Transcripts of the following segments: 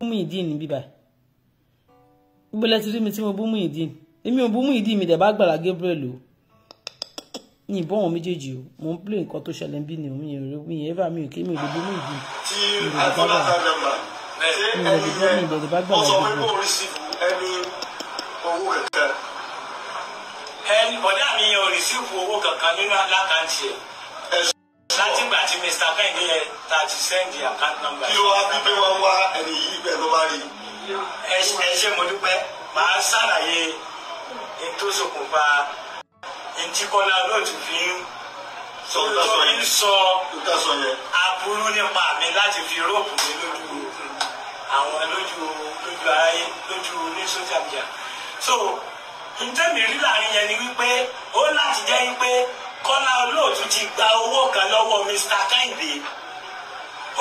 bú Muyideen níbí báyìí gbogbo lẹ ti rí mi tí mo bú Muyideen èmi ò bú Muyideen mi dẹ̀ bá Gabriel o yìnbọn àwọn méjèèjì o mò ń plé nǹkan tó ṣẹlẹ̀ bí ni mi ò rí mi ẹ̀fà mi ò ké mi ò lè bú Muyideen mi ò lè bá gbà mi ò lè bú mi ò lè bá Àgbàlá Gabriel. mi yẹn ò rí owó kankan nínú àkáǹtì ẹ̀ láti ìgbà tí mr kẹ́hìndé yẹn ta ti sẹ́ndì account number. kí ló wá bí pé wọ́n wá ẹni yìí bẹ́ẹ̀ ló bá rí. ẹ ṣe mo dúpẹ́ màá ṣàlàyé ètò ìṣokùnfà ètí lóòtù fi ń sọ ń sọ aburú nípa mi láti fi róòpù mi lójú àwọn lójú lójú aráyé lójú ní sójà bíà so ntẹ́mi rí láàrin yẹn ni wípé ó láti jẹ́ wípé. Kọ́lá Olóòtú ti gba owó kan lọ́wọ́ Mr. Kẹ́hìndé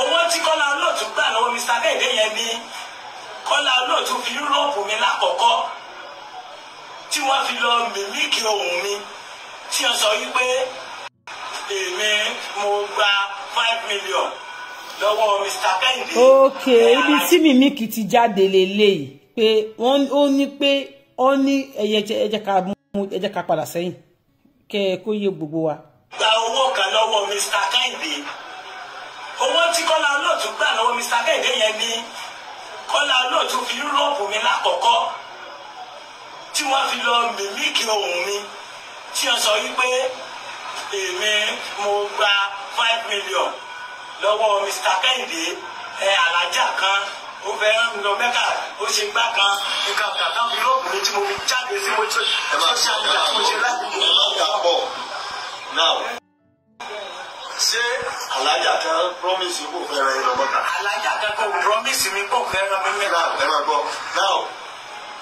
owó tí Kọ́lá Olóòtú gbà lọ́wọ́ Mr. Kẹ́hìndé yẹn ni Kọ́lá Olóòtú fi yúròpù mi lákọ̀ọ́kọ́ tí wọ́n fi lọ mímíkì ohùn mi tí wọ́n sọ wípé èmi mo gba five million lọ́wọ́ Mr. Kẹ́hìndé. ok ibi tí mímíkì ti jáde lélẹ́yìí pé wọ́n ní pé ó ní ẹ̀jẹ̀ ká padà sẹ́yìn kẹ́ ẹ kó yé gbogbo wa. gba owó kan lọ́wọ́ Mr. Kẹ́hìndé owó tí Kọ́lá Olóòtú gbà lọ́wọ́ Mr. Kẹ́hìndé yẹn ni Kọ́lá Olóòtú fi yúròpù mi lákọ̀ọ́kọ́ tí wọ́n fi lọ mímíkì ohùn mi tí wọ́n sọ wípé èmi mo gba five million lọ́wọ́ Mr. Kẹ́hìndé ẹ̀ alájà kan ó fẹ́ lọ mẹ́kà ó ṣe gbá kan nǹkan kàkà bí lóògùn tí mo fi jáde sí mo tó ṣọ́ṣà nígbà tí mo ṣe láti mú. ẹ ṣé alájà kan promise kò fẹ́ rẹ lọ mọ́ta. alájà kan kò promise mi kò fẹ́ rẹ mi mẹ́ta. náà ẹ máa gbọ́ náà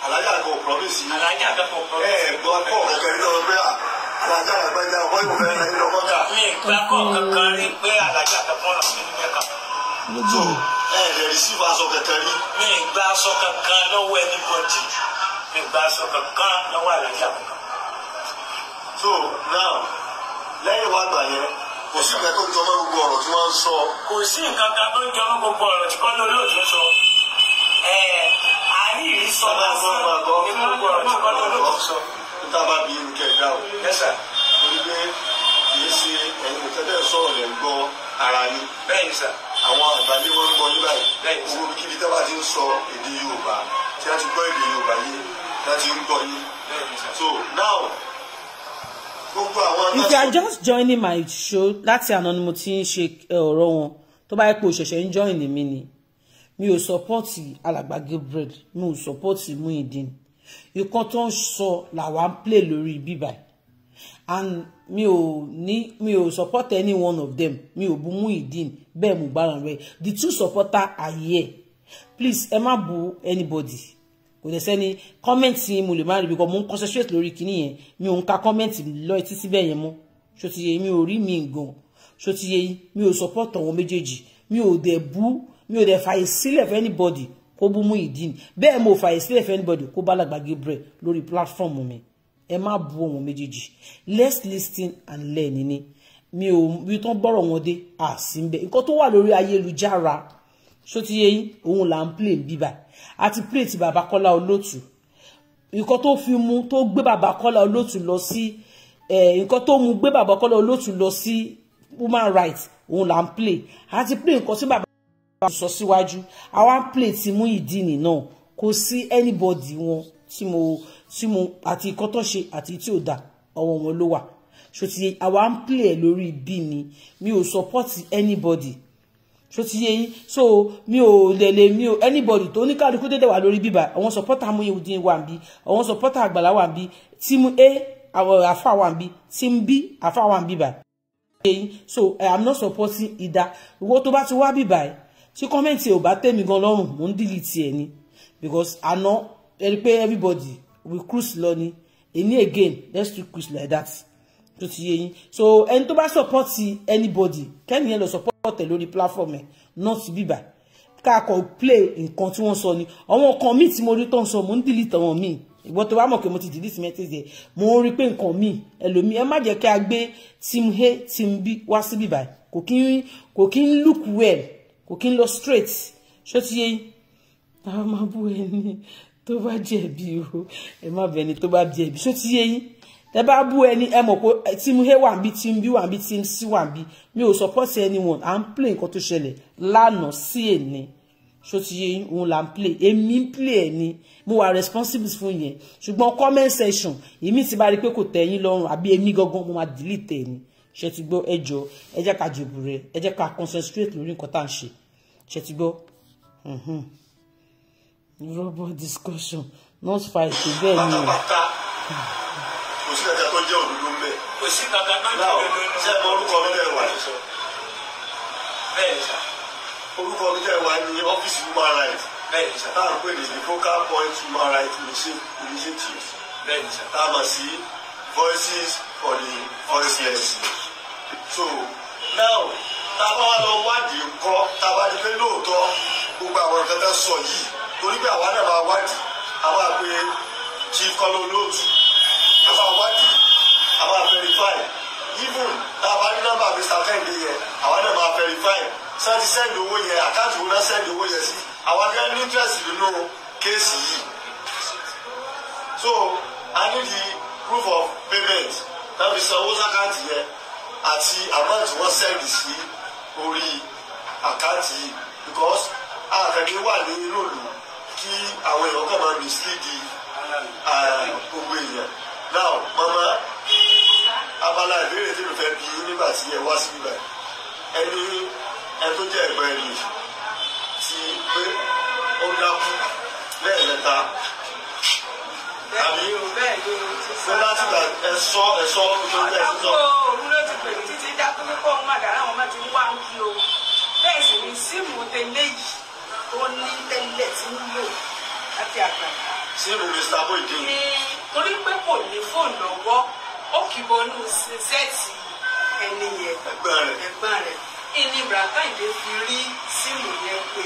alájà kan kò promise yìí. alájà kan kò promise. ẹ gbọ́ kọ́ ọ̀kẹ́rì lọ́wọ́ pé à ah, alájà àgbàjà wọ́n yóò fẹ́ rẹ lọ mọ́ta. mi ìgbà kọ̀ọ̀kan kan rí pé alájà kan kọ́ ọ̀rọ̀ mi mẹ́ta ẹ ẹ rìsífù aṣọ kankan rí. mi ì gba aṣọ kankan lọ́wọ́ ẹni bọ́dì mi ì gba aṣọ kankan lọ́wọ́ àlàájá kankan. so now lẹ́yìn wá gbà yẹn kò sí nǹkan tó ń jọmọ́ gbogbo ọ̀rọ̀ tí wọ́n ń sọ. kò sí nǹkan kan tó ń jọmọ́ gbogbo ọ̀rọ̀ tí kọ́ni olóòtú sọ. ẹ àárí ìrí sọ lásán ní gbogbo ọ̀rọ̀ tí kọ́ni olóòtú sọ. níta bá bí irú kẹ́ ẹ dá o. yẹ́sà. torí pé kì í ṣe ẹ̀yin òtẹ́tẹ́ sọ̀rọ̀ lẹ́ ń gbọ́ ara yín. bẹ́ẹ̀ ni sà àwọn àgbáyé wọn ń gbọ́ yín báyìí owó kíbi tá a ti ń sọ èdè Yorùbá tí a ti gbọ́ èdè Yorùbá yé tí a ti ń gbọ́ yín so now if you are just joining my show láti àná ni mo ti ń ṣe eh, ọ̀rọ̀ wọn tó bá yẹ pé o ṣẹ̀ṣẹ̀ ń join mi ni mi ò sọpọ́ọ̀tì alàgbà Gabriel mi ò sọpọ́ọ̀tì Muyideen nǹkan tó ń sọ làwa ń play lórí bíbáyìí and mi o ní mi o support any one of them mi o bu Muideen bẹ́ẹ̀ Mohbad rẹ̀ the two supporter are here please ẹ má bu anybody kò dẹ̀ comment kọ́mẹ́ǹtì mo le má rí because mo ń concentrate lori kinní yẹn mi ò ń ka kọ́mẹ́ǹtì lọ etí síbẹ̀ yẹn mọ́ ṣó ti yẹ mi ò rí mi gan ṣó mi ò support àwọn méjèèjì mi o dẹ̀ bu mi ò dẹ̀ fàyè sílẹ̀ for anybody kó bu idin bẹ́ẹ̀ mo fàyè sílẹ̀ for anybody kó bá Alàgbà Gabriel lórí platform mi ẹ má bu ohun méjèèjì let's listen and learn ni mi ò bí tán bọ̀rọ̀ wọn dé à sí ń bẹ nǹkan tó wà lórí ayélujára ṣó ti yẹ yín òun là ń play bíbà àti play ti bàbá Kọ́lá Olótù nǹkan tó fi mú tó gbé bàbá Kọ́lá Olótù lọ sí nǹkan tó mú gbé bàbá Kọ́lá Olótù lọ sí woman rights òun là ń play àti play nǹkan tí bàbá bá sọ síwájú àwa ń play ti mú ìdí nì náà kò sí anybody wọn tí mo tí mo àti ikọ́ tó ṣe àti tí ò da ọwọ́ wọn ló wà ṣòtìyẹ àwa ń play ẹ̀ lórí bí ni mi ò support anybody ṣòtìyẹ yín so mi ò lẹ̀lẹ̀ mi ò anybody tó oníkàlùkù dédé wà lórí bíbá àwọn supporter amúyẹ̀wòdìyẹ wà ń bí àwọn supporter àgbàlá wà ń bí tíìmù a àwọn àfa wà ń bí tíìmù b àfa wà ń bí bá so eh, I am not supporting either ìwọ tó bá ti wá bíbá ẹ̀ tí kọ́mẹ́ǹtì ò bá tẹ̀mí gan lọ́rùn mò ń dìlì tiẹ̀ ni because àná ẹni pay everybody we cruise lọ ni èní again let's do cruise like that tó ti yé yín so ẹni tó bá support anybody kẹ́ni yẹn lọ support ẹ̀ lórí platform ẹ̀ not bíbà káàkọ́ play nǹkan tí wọ́n sọ ni àwọn kan míì tí mo rí tó ń sọ mo ń delete àwọn míì ìgbọ́n tó bá mọ̀ pé mo ti delete message yẹn mo ń rí pé nǹkan míì ẹlòmíì ẹ má jẹ́ kí a gbé team a team b wá sí bíbà kò kí ń kò kí ń look well kò kí ń lọ straight ṣó ti yé yín àwọn máa bú ẹni tó bá jẹ̀bi o ẹ má bẹni tó bá jẹ̀bi ṣó ti yé yín tẹ bá bú ẹni ẹ mọ̀ pé team a wà níbi team b wà níbi team c wà níbi mi ò support anyone à ń play nǹkan tó ṣẹlẹ̀ lánàá sí èní ṣó ti yé yín òun là ń play èmi ń play ẹ̀ ni mo wà responsible fún yẹn ṣùgbọ́n comment section èmi ti bá rí i pé kò tẹ́ yín lọ́rùn àbí èmi gangan mo máa delete ẹ̀ ni ṣe ti gbọ́ ẹ jọ̀ọ́ ẹ jẹ́ ká jèbù rẹ ẹ jẹ́ ká concentrate lórí nǹkan tá à ń ṣe ṣe ti gbọ́. Robot discussion not fight bẹ́ẹ̀ o. kò sí kankan tó jẹ́ òdodo ń bẹ̀. kò sí kankan tó jẹ́ òdodo ń bẹ̀. ṣé ẹ mọ orúkọ mi lẹ́wà ní sọ. bẹ́ẹ̀ni sà. orúkọ mi lẹ́wà ní ọ́fíìsì human rights. bẹ́ẹ̀ni sà. táà ń pè ní the focal point human rights initiative. bẹ́ẹ̀ni sà. táà mọ̀ sí voices for the voiceless. so now tábà wà lọ wádìí kọ́ tábà ní pé lóòótọ́ gbogbo àwọn nǹkan tó sọ yìí torí pé àwa náà máa wádìí àwa àgbẹ̀ chief kọ́lọ́ olóòtú àwa wádìí àwa verify even tá a bá ní nọ́mbà mr kẹ́hìndé yẹn àwa náà máa verify sẹ́ẹ̀tì sẹ́ẹ̀dì owó yẹn àkáǹtì owó náà sẹ́ẹ̀dì owó yẹn sí àwa gẹ́gẹ́ ní interest nínú kéèsì yìí so a ní di proof of payment náà fi sanwó sákàǹtì yẹn àti amount wọn sẹ́ẹ̀dì sí orí àkáǹtì yìí because àkàndé wà ní inú ìlú tí àwọn èèyàn kàn máa mi sí di gbogbo èèyàn náà mama abala ìbéèrè tí mo fẹ́ bi nígbà tí ẹ wá sí ibà ẹni ẹ tó jẹ́ ẹ̀gbọ́n ẹni ti pé ó dákú lẹ́ẹ̀mẹ́ta àbí ó láti gbà ẹ̀sọ́ ẹ̀sọ́ tó ń bẹ̀rẹ̀ sọ. àdàpọ̀ òun ló ti pè mí títí dákú pé kó òun má dàrá àwọn ọmọ ti ń wá ń kí o bẹ́ẹ̀ sì ni síìmù tẹ̀lé yìí tó tí ń lò láti àgbàdo. ṣé irú mr boykin. ní torí pé kò ní fóònù lọ́wọ́ ó kì bọnú sẹ́ẹ̀tì ẹni yẹn ẹ̀gbọ́n rẹ̀ ẹ̀gbọ́n rẹ̀ ìní brakande fi rí síìmù yẹn pé.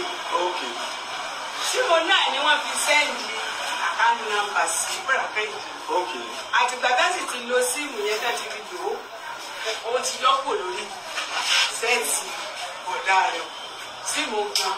síìmù náà ni wọ́n fi sẹ́ǹdì àkáńtì nàmbà sí brakande. àtìgbà dáṣì ti lo síìmù yẹn dájú fi lò ó ó ti yọ́pọ̀ lórí sẹ́ẹ̀tì ọ̀dà rẹ̀ síìmù gan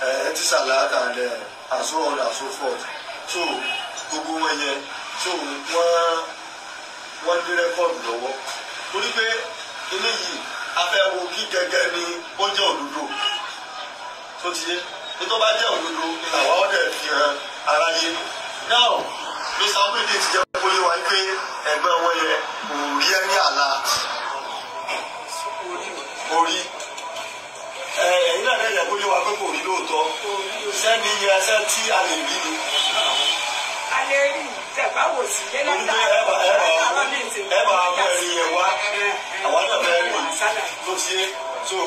ẹtísàlákà rẹ and so on and so forth so gbogbo wọn yẹn so wọn wọn ní rẹkọọdù lọ́wọ́ torí pé eléyìí afẹ́wo kí gẹ́gẹ́ ni ó jẹ́ òdodo tó ti yé nítorí bá jẹ́ òdodo ni àwa ọ̀dẹ̀ fi hàn aráyé now mr amúlẹ̀dẹ̀ ti jẹ́ kó yé wa pé ẹgbẹ́ wọn yẹ kò rí ẹ ní àlá orí ẹ yẹn kó lé wa pé kò rí lóòótọ́ sẹ́ni yẹn ẹsẹ́ tí a lè rí ni. a lè rí tẹ̀gbá wò sí yẹn lẹ́tà ẹ bá ọmọ ẹ̀rín yẹn wá àwa náà bẹ́ẹ̀ rí ló ṣe tó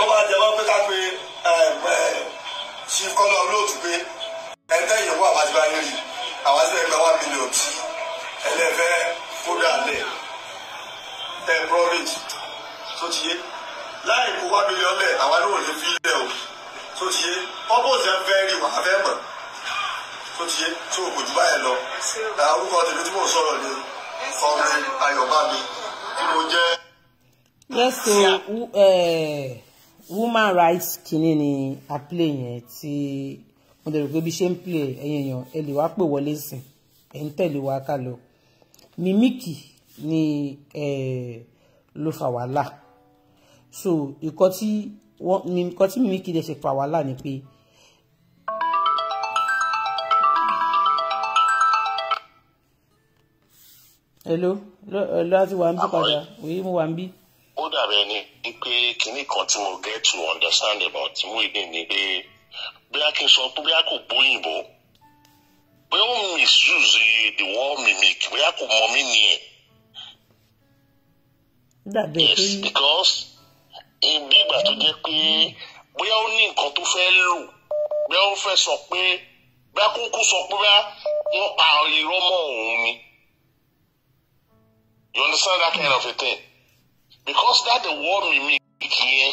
ó bá jẹ́ wọ́n pé ká pé ṣì kọ́lọ́ olóòtú pé ẹ̀ńtẹ́ yẹn wà wájú bá rí àwa sì ẹgbẹ́ wá mílíọ̀nù tí ẹlẹ́fẹ́ kódà lẹ̀ ẹ̀ prọ́rẹ́jì tó ti yé láì kó wá lóyún ọlẹ àwa náà lè fi ilẹ̀ o tó ti yé purpose yẹn fẹ́ rí wà fẹ́ mọ̀ tó ti yé tó kò jù báyẹn lọ orúkọ tèmi tí mò ń sọ̀rọ̀ ni ọmọrin ayọ̀bámi tí mo jẹ́. yes eh, woman rights kìíní ni àpilẹ̀ yẹn tí mo dẹ̀ rò pé bí ṣe ń pilẹ̀ ẹ̀yìn èèyàn ẹ lè wá pè wọlé sìn ẹ̀ ń tẹ̀lé wa ká lọ mímíkì ni ló fà wàhálà so nǹkan tí wọ́n ní nǹkan tí mímí kí dẹ̀ ṣe pa wàhálà ni pé. hello hello àti wà ń bí padà òye mo wà ń bí. ó dàbẹ̀ ni pé kinní kan tí mo get to understand about Muyideen ni pé bí a kì í sọ pé bí a kò gbóyìnbó pé ó misuse the word mimic bí a kò mọ mí nìyẹn. dàbẹ̀ pé yes because bí ìgbà tó jẹ́ pé bóyá ó ní nǹkan tó fẹ́ lò bóyá ó fẹ́ sọ pé bóyá kúkú sọ pé bóyá wọ́n pa irọ́ mọ́ òun ni. You understand that kind of a thing? Because that the war mimic yẹn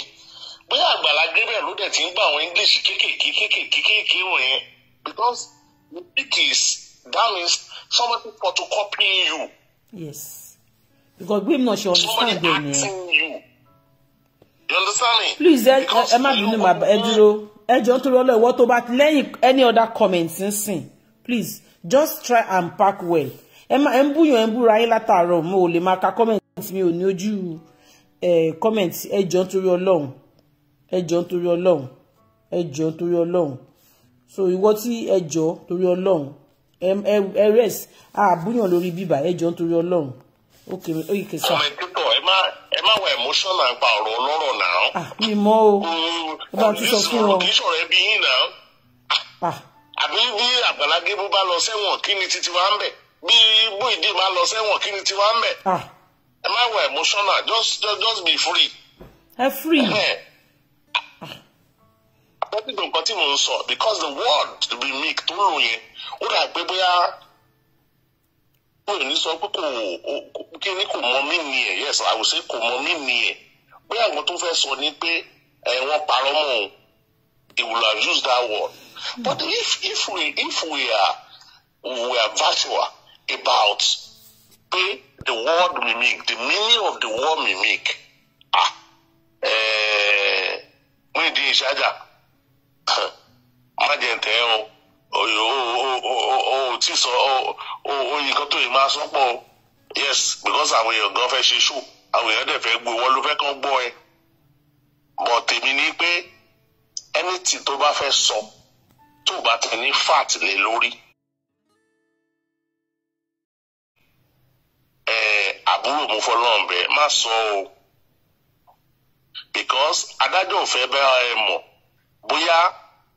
bóyá Àgbàlá Gabriel ló dẹ̀ ti ń gbà àwọn English kéékèèké kéékèèké kéékèèké wọ̀nyẹn because it is that means somebody photocopying you. Yes. Because Gbémi náà ṣe understand bẹ́ẹ̀ Somebody acting you please ẹ ẹ má bínú màá ẹ dúró ẹ jọ nítorí ọlọ́ọ̀wọ́ tó bá lẹ́yìn any other comment ń please just try and pack well ẹ má ẹ ń búyàn ẹ ń búra yín látàárọ̀ mo ò lè máa ka comment mi ò ní ojú comment ẹ jọ nítorí ọlọ́run ẹ jọ nítorí ọlọ́run ẹ jọ nítorí ọlọ́run so ìwọ tí ẹ jọ torí ọlọ́run ẹ rest àbúyàn lórí bíbà ẹ jọ nítorí ọlọ́run ok ok sir. kọ̀mẹ̀títọ̀ ẹ máa ẹ má wọ emotional gba ọ̀rọ̀ ọlọ́rọ̀ náà. Ah, mi mọ o bá ti sọ fún wọn. kì í sọ̀rọ̀ ẹbí yín náà. Ah. àbí bí Àgbàlá Gabriel bá lọ sẹ́wọ̀n kí ni titi wa ń bẹ̀ bí Muyideen bá lọ sẹ́wọ̀n kí ni titi wa ń bẹ̀. Ah. ẹ má wọ emotional just just just be free. ẹ free. àpótí nǹkan tí mo ń sọ because the word to be meek tó lò yẹn ó dà pé bóyá pé ní sọ pé kò kí ni kò mọ mí ni ẹ yes i will say kò mọ mí ni ẹ pé àwọn tó fẹ́ sọ ni pé ẹ wọ́n parọ́ mọ́ òun they will have used that word but if if we if we are we are virtual about pé the word mimic the meaning of the word mimic ah ẹ̀ẹ́d mú ìdí ìṣájà má o o ti sọ oyin kan tó yìí máa sọ pọ̀ yes because àwọn èèyàn gan fẹ́ ṣe ṣù àwọn èèyàn dẹ̀ fẹ́ gbé wọn ló fẹ́ kàn gbọ́ ẹ bọ̀ tèmi ni pé anything tó bá fẹ́ sọ tó bá ti ní fat lé lórí. àbúrò mo fọlọ́run bẹ́ẹ̀ má sọ o because adájọ́ ò fẹ́ bá ẹ mọ̀ bóyá.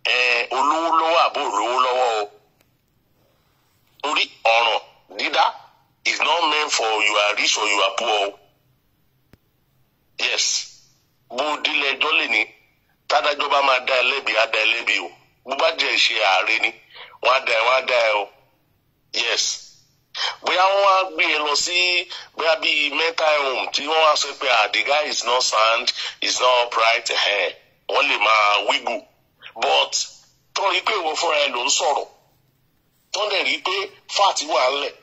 Eh, olówó lọ́wọ́ àbò olówó lọ́wọ́ o torí ọ̀ràn dídá is not meant for you are rich or you are poor o yes bó dílé ẹjọ́ lè ní tádájọ́ bá máa dá ẹ lẹ́bi á dá ẹ lẹ́bi o bó bá jẹ́ ṣe ààrẹ ni wọ́n á dá ẹ wọ́n á dá ẹ o yes bóyá wọ́n á gbé e lọ sí bóyá bíi mental home tí wọ́n á sọ pé ah the guy is not sound is not upright wọ́n lè máa wígùn. but tó rí pé ìwọ fúnra ẹ ló ń sọ̀rọ̀ tó dẹ̀ rí pé fáàtì wà ń lẹ̀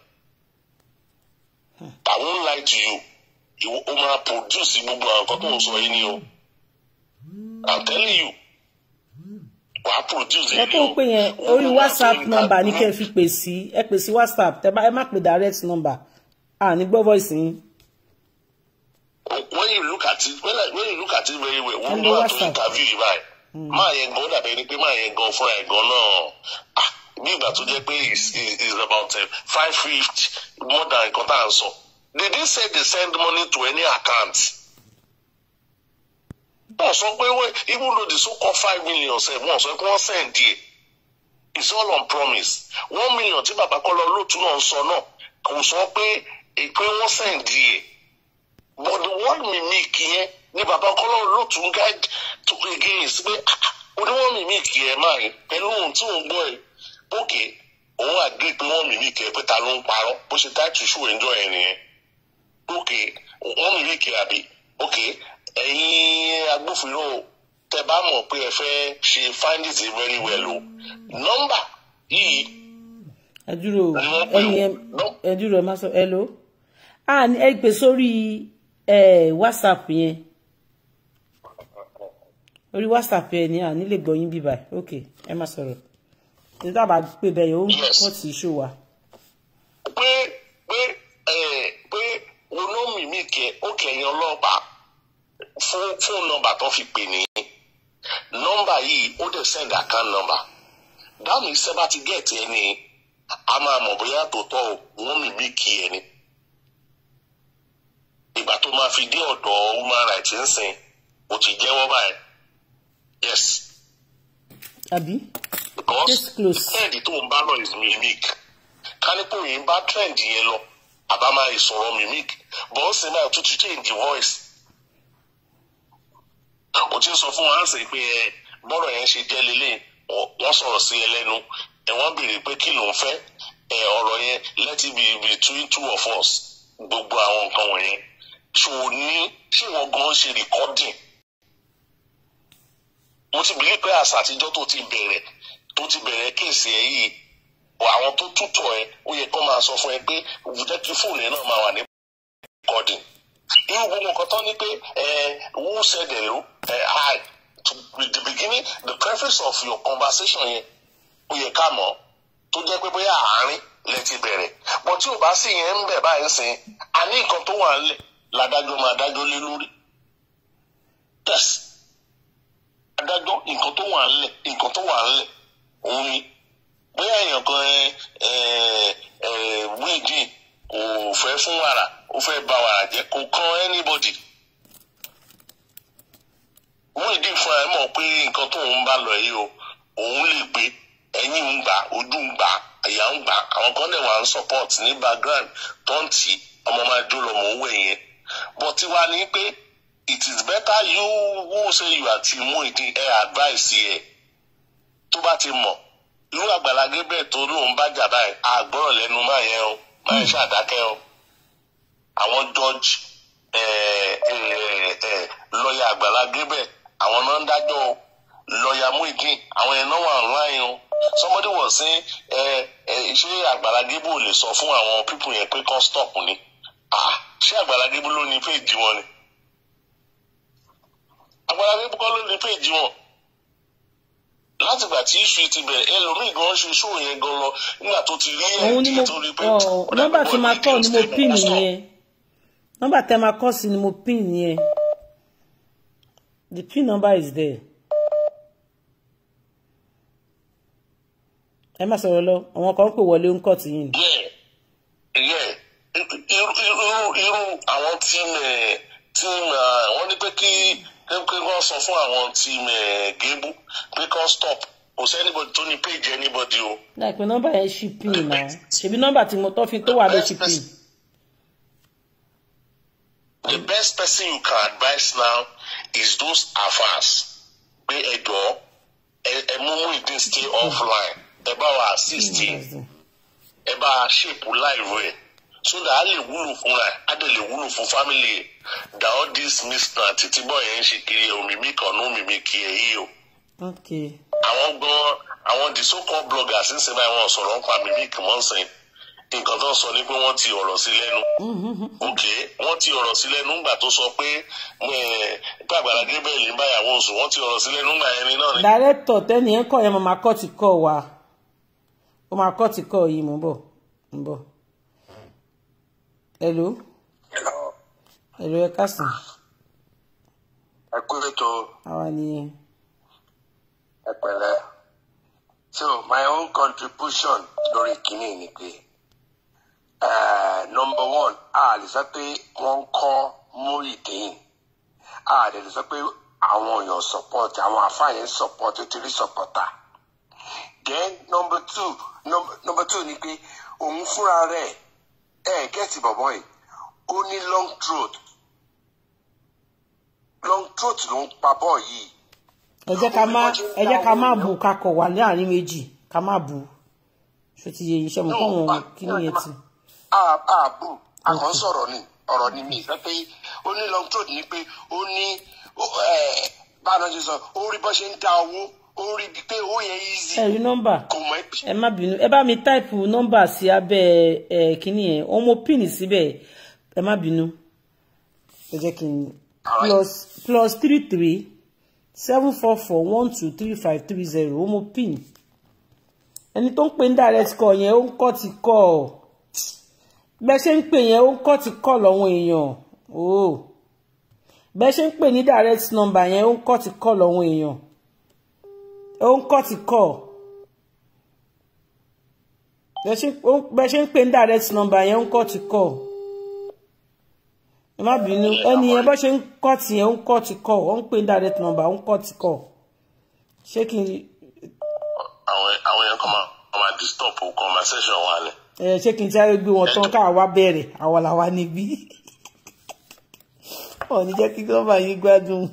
I won't lie to you ìwọ o máa produce gbogbo àwọn nǹkan tó ń sọ yìí ni o I'm telling you wà á produce yìí ni o. ẹ kó pé yẹn orí WhatsApp number ní kẹ́ ẹ fi pè sí ẹ pè sí WhatsApp ẹ má pè direct number à ní gbọ́ voice yín. when you look at it when, when you look at it very well we wọ́n lọ́wọ́ to interview you, right? Hmm. máa yẹn gan dàbí ẹni pé máa yẹn gan fúnra ẹ̀ gan náà ah, bí ìgbà tó jẹ́ pé is about eh, five fifty more than nǹkan tá à ń sọ they didn't say they send money to any account wọ́n sọ pé even though they so call five million sef eh, wọ́n sọ pé wọ́n send díẹ̀ it's all on promise one million tí bàbá kọ́ lọ lóòtú náà ń sọ náà kò sọ pé èpè eh, wọ́n send díẹ̀ but the word mimic yẹn ni bàbá ọkọlọ́run ló tún gáàdì tó against pé oníwọ̀n mi kì í e ẹ̀ máa yìí pẹ̀lú ohun tí òun gbọ́ ẹ̀ bókè òun àgbè pé wọ́n mi e e mi kì í pé ta ló ń parọ́ bó ṣe táìtì ṣù ẹ̀ńjọ́ ẹ̀ nìyẹn bókè wọ́n mi mi kì í àbí bókè ẹ̀yin agbófinró tẹ bá mọ̀ pé ẹ fẹ́ ṣe findings very well o nọ́mbà yìí. ẹ dúró ẹyin ẹ dúró ẹ má a ní ẹ gbé sórí whatsapp yẹn orí whatsapp ẹ ní à nílé gbọyìn bíbá ok ẹ má sọ̀rọ̀ ní tábà pé bẹ́ẹ̀ yóò pọ̀ tí iṣu wa. pé pé pé olómi mi kẹ ó kẹyìn ọlọ́pàá fún fún nọ́mbà tó fi pè ní nọ́mbà yìí ó dẹ̀ send account number dáàmì sẹ́bà ti gẹ̀ẹ́tì ẹni a máa mọ̀ bóyá tòótọ́ wọ́n mi bí kí ẹni ìgbà tó máa fi dé ọ̀dọ̀ human rights ń sìn ó ti jẹ́wọ́ báyìí yes. Abi, because trend tó ń bá lọ is mimic kánípò yìí ń bá trend yẹn lọ àbá máa ìsọ̀rọ̀ mimic bọ́ọ̀sì náà tún ti change voice. o ti sọ fún wa ṣe pé ẹ eh, bọ́rọ̀ yẹn ṣe jẹ́ lélẹ̀ wọ́n sọ̀rọ̀ sí ẹ lẹ́nu ẹ wọ́n béèrè pé kí ló ń fẹ́ ẹ ọ̀rọ̀ yẹn let it be between two of us gbogbo àwọn nǹkan wọ̀nyẹn ṣò ní ṣé wọ́n gan ṣe recording mo ti bìlí pé àṣà àtijọ́ tó ti bẹ̀rẹ̀ tó ti bẹ̀rẹ̀ kéèsì ẹ̀ yìí àwọn tó tútọ̀ ẹ ó yẹ kó máa sọ fún ẹ pé jẹ́ kí fóònù ẹ náà máa wà ní recording irú gbogbo nǹkan tán ni pé who said hello I to the beginning the preface of your conversation yẹn ó yẹ ká mọ̀ tó jẹ́ pé bóyá àárín lẹ ti bẹ̀rẹ̀ bọ́ tí ò bá sì yẹn ń bẹ̀ báyìí sìn a ní nǹkan tó wà ń ládájọ́ máa dájọ́ lé lórí adájọ́ nǹkan tó wà ńlẹ̀ nǹkan tó wà ńlẹ̀ òun ni bóyá èèyàn kan wíìdì kò fẹ́ fún wàrà ó fẹ́ ba wàrà jẹ́ kò kan anybody wíìdì fún ẹ mọ̀ pé nǹkan tó ń bá lọ yìí o òun lè gbé ẹ̀yìn ń gbà ojú ń gbà àyà ń gbà àwọn kan dẹ̀ wà ń support ní background tó ń tì ọmọ máa dúró lọ́mọ owó ẹ̀yẹn bọ́ tiwa ni pé it is better you who say you are Tinubu ẹ advice yẹ tó bá ti mọ̀ irú Àgbàlá Gabriel tó lóun bá jà báyìí àgbọràn lẹ́nu máa yẹn o máa ṣe àdákẹ́ o àwọn judge eh, eh, eh, lọ́ọ̀yà Àgbàlá Gabriel àwọn náà ń dájọ́ o lọ́ọ̀yà Muyideen àwọn yẹn náà wà online o somebody was saying ṣé Àgbàlá Gabriel ò lè sọ fún àwọn people yẹn pé kan stop ni ah, ṣé Àgbàlá Gabriel ló ní péjì wọn ni àwọn ará bíbú kọ́ péjì wọn látìgbà tí iṣu ti bẹ̀rẹ̀ ẹlòmíì gan ṣe iṣu yẹn gan lọ nígbà tó ti rí ẹ̀jẹ̀ tó rí pé. nọ́mbà tí máa kọ́ ni mo pín nìyẹn nọ́mbà tẹ́ máa kọ́ sí ni mo pín nìyẹn the pin number is there. ẹ má sọ̀rọ̀ lọ àwọn kan pè wọlé ń kọ̀ tì yín. irú àwọn tíìmù eh, ah, wọ́n ní pé kí pé wọ́n sọ fún àwọn team eh, gébú pé kọ́ stop kò sẹ́nibọ̀dì tó ní page anybody o. láìpẹ́ nọ́mbà yẹn ṣì pín in ṣèbí nọ́mbà tí mo tọ́ fi tó wà ló ṣì pín the best person you can advise now is those afas pé ẹ jọ ẹ mú mú stay offline ẹ bá wa assist hmm, ẹ bá ṣèpù láìrò so that a lè wúlò fúnra ẹ a dẹ̀ lè wúlò fún family ẹ da all this mr titi bọ̀ yẹn ń ṣe kiri òmìmí kan ní òmìmí kì í yí o. àwọn gan àwọn the so called bloggers ń sẹ́nà àwọn sọ̀rọ̀ ń pa mímí kì mọ́ sẹ́yìn nǹkan tó ń sọ ni pé wọ́n ti ọ̀rọ̀ sí lẹ́nu. ok wọ́n ti ọ̀rọ̀ sí lẹ́nu ńgbà tó sọ pé eh, pàgbàrà gabriel ń báyàwó oṣù wọ́n ti ọ̀rọ̀ sí lẹ́nu ńgbà ẹni náà ni. dàrẹ́tọ̀ tẹ́ni ẹ̀ ń kọ̀ yẹn mo máa kọ́ ti kọ́ wa mo máa kọ́ ti kọ́ yìí mo ń bọ̀ ń bọ̀. hello. Hello, ẹ káàsán. Ẹ ètò. Àwa ni. Ẹ So my own contribution lórí kínní ni pé eh, number one a lè sọ pé wọ́n ń kọ́ Muyideen a lè sọ pé àwọn èèyàn support àwọn afáàyè ń support títí sọpọ́tà. Then number two number two ni pé òun fúnra rẹ̀ ẹ̀ gẹ́tì bọ̀bọ̀ yìí ó ní long throat long throat ló ń pa bọ́ọ̀ yìí. ẹ jẹ́ ká má ẹ jẹ́ ká má bù ká kọ̀ wà láàrin méjì ká má bù ṣó ti yẹ iṣẹ́ mi kọ́ wọn kí ni yẹn ti. àbù àkàn sọ̀rọ̀ ni ọ̀rọ̀ ni mi pé ó ní long ni pé ó ní báwọn ọ̀nà sọ ó rí bọ́ ṣe ń da owó ó rí pé owó yẹn easy. ẹ rí nọ́mbà ẹ má bínú ẹ bá mi táìpù nọ́mbà sí abẹ́ ẹ kínní yẹn ọmọ pin síbẹ̀ ẹ má bínú ẹ jẹ́ kí n plus plus three three seven four four one two three five three zero ó mú pin ẹni tó ń pè ní direct call yẹn ó ń kọ́ ti kọ́ ọ bẹ́ẹ̀ ṣe ń pè yẹn ó ń kọ́ ti kọ́ lọ́wọ́ èèyàn o oh. bẹ́ẹ̀ ṣe ń pè ní direct number yẹn ó ń kọ́ ti kọ́ lọ́wọ́ èèyàn ó ń kọ́ ti kọ́ ọ bẹ́ẹ̀ ṣe ń pè ní direct number yẹn ó ń kọ́ ti kọ́ ọ ẹ má bínú ẹni yẹn bó ṣe ń kọ́ tìyẹn ń kọ́ ti kọ́ ọ ń pè direct number ń kọ́ ti kọ́ ṣé kí n. àwọn àwọn yẹn kọ́ máa kọ́ máa disturb conversation wa ni. ẹ ṣé kí n sáré gbé wọn tán ká àwa bẹ̀rẹ̀ àwa làwa níbí ọ̀ ní jẹ́ kí gọ́ọ̀mà yín gbádùn.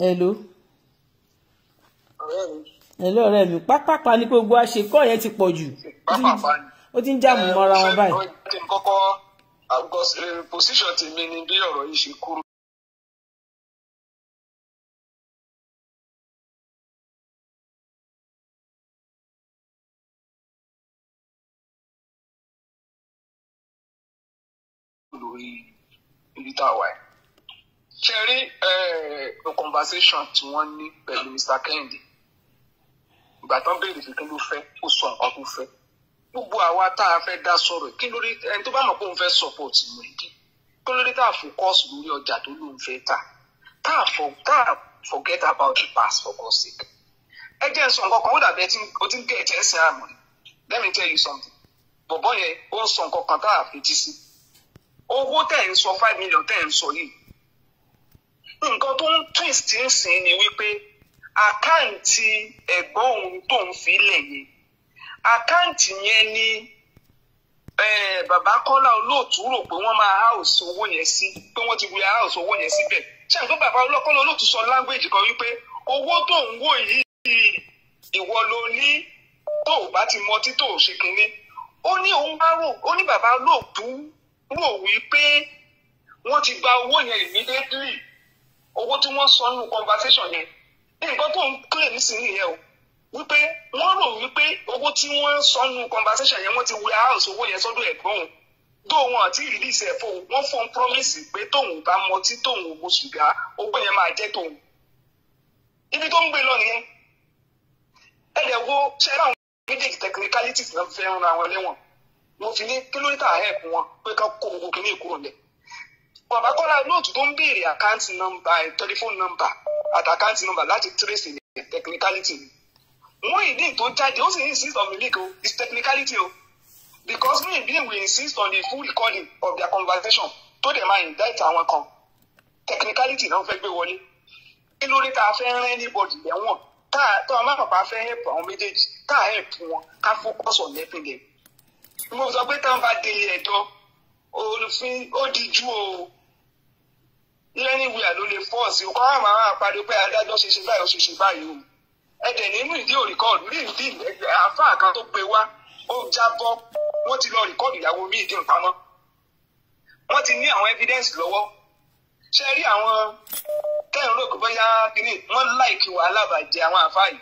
Hello ọ̀rẹ́ mi. pápápá ni gbogbo àṣekọ́ yẹn ti pọ̀ jù ó ti ń jàmù mọ́ra wọn báyìí. kí n kọ́kọ́ uh, uh, ni bí ọ̀rọ̀ yìí ṣe kúrú. lórí ibi tá ṣe rí uh, conversation tí wọ́n ní pẹ̀lú Mr. Kẹ́hìndé ìgbà tán béèrè pé kí ló fẹ́ ó sọ àwọn tó fẹ́ gbogbo àwa tá a fẹ́ dá sọ̀rọ̀ kí lórí ẹni tó bá mọ̀ pé òun fẹ́ support Muyideen kí lórí tá a fòkọ́sì lórí ọjà tó lóun fẹ́ tà tá a forget about the past for God's sake ẹ jẹ́ sọ nǹkan kan ó dàbí ó ti ń gé ẹ̀jẹ̀ ẹ̀sìn àmọ́ let me tell you something bọ̀bọ̀ yẹn ó ń sọ nǹkan kan tá a fetí sí owó tẹ̀ ń sọ five million tẹ̀ ń sọ yìí nǹkan tó ń twist ń sìn ni wípé àkáǹtì ẹ̀gbọ́n òun tó ń filẹ̀ yẹn àkáǹtì yẹn ni bàbá Kọ́lá olóòtú rò pé wọ́n máa house owó yẹn sí pé wọ́n ti wíya house owó yẹn síbẹ̀ ṣé àgbẹ̀ bàbá Kọ́lá olóòtú sọ language kan wípé owó tó ń wò yìí ìwọ ló ní tó o bá ti mọtí tó o ṣe kínní ó ní òun bá rò ó ní bàbá olóòtú rò wípé wọ́n ti gba owó yẹn immediately owó tí wọ́n sọ nínú conversation yẹn nǹkan tó ń claim sí nìyẹn o wípé wọ́n rò wípé owó tí wọ́n sọnù conversation yẹn wọ́n ti wí house owó yẹn sọ́dọ̀ ẹ̀gbọ́n òun tóun àti release ẹ̀ fóun wọ́n fún promise pé tóun bá mọtí tóun owó ṣùgá owó yẹn máa jẹ́ tóun ibi tó ń gbé lọ nìyẹn ẹ dẹ̀ wo ṣẹ́ra àwọn méjèèjì technicalities náà fẹ́ ran àwọn ẹlẹ́wọ̀n mo fi ní kílódítà help wọn pé ká kó gbogbo kínní kúrò lẹ̀ bàbá Kọ́lá lóòtú tó ń béèrè àkáǹtì nọ́mbà tẹlifóònù nọ́mbà at account number láti trace ní technicality Muyideen tó jáde ó sì insist on Miliki o is technicality o because being we insist on the full recording of their conversation tó dẹ̀ máa indict àwọn kan technicality náà fẹ́ gbé wọlé kí ló dé tá a fẹ́ rán anybody lẹ́wọ̀n tá a tó a máa bá fẹ́ help àwọn méjèèjì tá a help wọn ká focus on helping them mo sọ pé táwọn bá délé ẹjọ́ òfin ó díjú o anywhere ló lè fọ́ọ̀sì ọkọ̀ àmọ́ àwọn àpàdé pé adájọ́ ṣe ṣe báyìí ó ṣe ṣe báyìí o ẹ̀dẹ̀ nínú ìdí òrìkọ́ọ̀dù linkedin àáfàá kan tó gbé wá ó jábọ́ wọ́n ti lọ rìkọ́ọ̀dù ìyàwó mi ìdí ìpamọ́ wọ́n ti ní àwọn evidence lọ́wọ́ ṣe rí àwọn tẹ́yìn rògbò bóyá kínní wọ́n láìkí wà alábàjẹ́ àwọn àáfàá yìí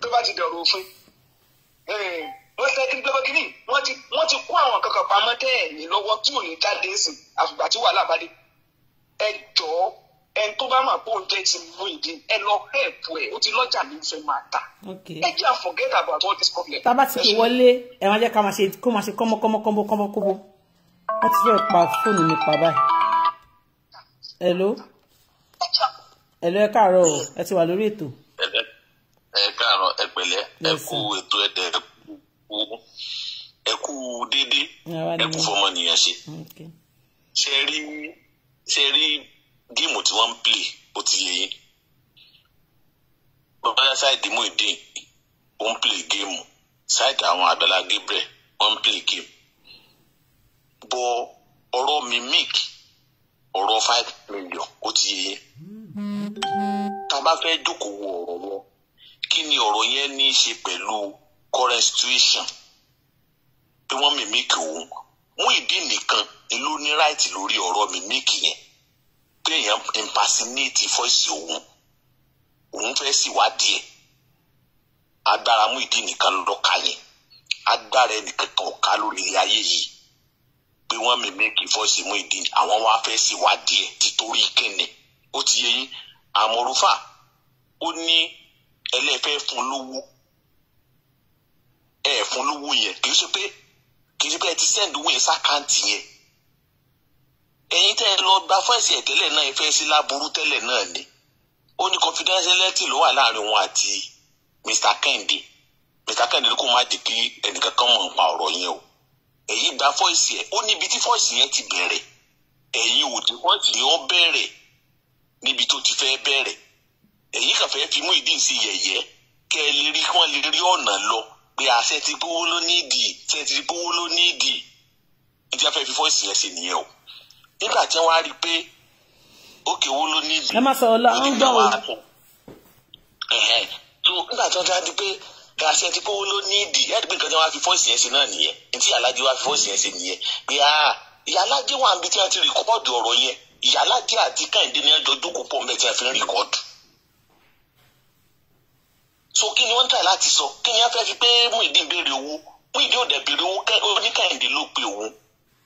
tó bá ti dọ̀rọ̀ òfin wọ́n fẹ́ kí n gbọ́ kínní wọ́n ti kó àwọn kankan pamọ́ tẹ́ẹ̀ ní lọ́wọ́ tí ò ní jáde ń sìn àfìgbà tí wà lábàdé ẹ jọ̀ọ́ ẹni tó bá mà bó ń jẹ́ ti mú ìdí ẹ lọ ẹ̀pù ẹ̀ ó ti lọ́jà ní fẹ́ máa tà ẹ jẹ́ à forget about all this problem. tá a bá ti pè wọlé ẹ máa jẹ́ ká máa ṣe kó máa ṣe kọ́mọ́kọ́mọ́kọ́mọ́kọ́mọ́ wọ́n ti fẹ́ pa fóònù mi pa báyìí. hello hello ẹ káàárọ̀ o ẹ ti wà lórí ètò. ẹ káàárọ̀ ẹ ẹ kú ètò ẹ̀dẹ̀ ẹ kú déédéé ẹ kú fọmọ nìyẹn ṣe ṣe rí ṣe rí géèmù tí wọ́n ń play ó ti yẹ yín bàbá ṣáìdì Muyideen ó ń play géèmù ṣáìdì àwọn Àgbàlá Gabriel ó ń play géèmù bọ ọ̀rọ̀ mimic ọ̀rọ̀ five million ó ti yẹ yín tá a bá fẹ́ jókòó ọ̀rọ̀ wọn kí ni ọ̀rọ̀ yẹn ní í ṣe pẹ̀lú current bí wọ́n mimic òun Muyideen nìkan ló ní ráìtì lórí ọ̀rọ̀ mi níkì yẹn pé èèyàn impersonate voice òun òun fẹ́ ṣèwádìí ẹ̀ agbára Muyideen nìkan ló ka yẹn agbára ẹnìkan kan ò ká lórí ilé ayé yìí pé wọ́n mi make voice Muyideen àwọn wá fẹ́ ṣèwádìí ẹ̀ títorí kíni ó ti yẹ àmọ́rúfà ó ní ẹlẹ́fẹ́ fún lówó ẹ̀ fún lówó yẹn kì í ṣe pé kì í ṣe pé ẹ ti send owó yẹn sákàǹtì yẹn ẹ̀yin tẹ́ ẹ lọ gba fẹ́ẹ̀sì ẹ̀ tẹ́lẹ̀ náà ìfẹ́ sí láburú tẹ́lẹ̀ náà ni ó ní confidentiality ló wà láàrin wọn àti Mr. Kẹ́hìndé Mr. Kẹ́hìndé ló kó má di pé ẹnìkan kan mọ̀ nípa ọ̀rọ̀ yẹn o èyí gba fọ́ìsì ẹ̀ ó níbi tí fọ́ìsì yẹn ti bẹ̀rẹ̀ ẹ̀yin ò dé fọ́ìsì yẹn ó bẹ̀rẹ̀ níbi tó ti fẹ́ bẹ̀rẹ̀ èyí kàn fẹ́ fi mú ìdí ìsìn yẹ̀yẹ́ kẹ́ ẹ lè rí kí wọ́n lè rí ọ̀nà lọ pé àṣẹ ti gbówó ló ní ìdì ṣe ti gbówó ló ní ìdì ìdí afẹ́ fífọ́ ìsìnyẹn sì nìyẹn o nígbà tí wọ́n á rí i pé òkè owó ló ní ìdì. ẹ má sọ ọlá ń gbọ́ tó nígbà tí wọ́n ti á di pé àṣẹ ti gbówó ló ní ìdì ẹ̀ pé nǹkan tí wọ́n á fi fọ́ ìsìnyẹn sí náà nìyẹn ntí alájẹ wá fi fọ́ ìsìnyẹn sí nìyẹn pé ah ìyálájẹ wà níbi tí wọ́n ti rìkọ́ọ̀dù ọ̀rọ̀ yẹn ìyálájẹ àti kẹ́hìndé ni pọ̀ mẹ́tí fi ń rìkọ́ọ̀dù so kí ni wọ́n ń tà láti sọ kí ni wọ́n fẹ́ fi pé Muyideen béèrè owó Muyideen ò dẹ̀ béèrè owó ní Kẹ́hìndé ló pe òun